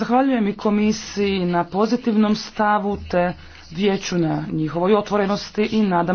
Zahvaljujem i komisiji na pozitivnom stavu te vijeću na njihovoj otvorenosti i nadam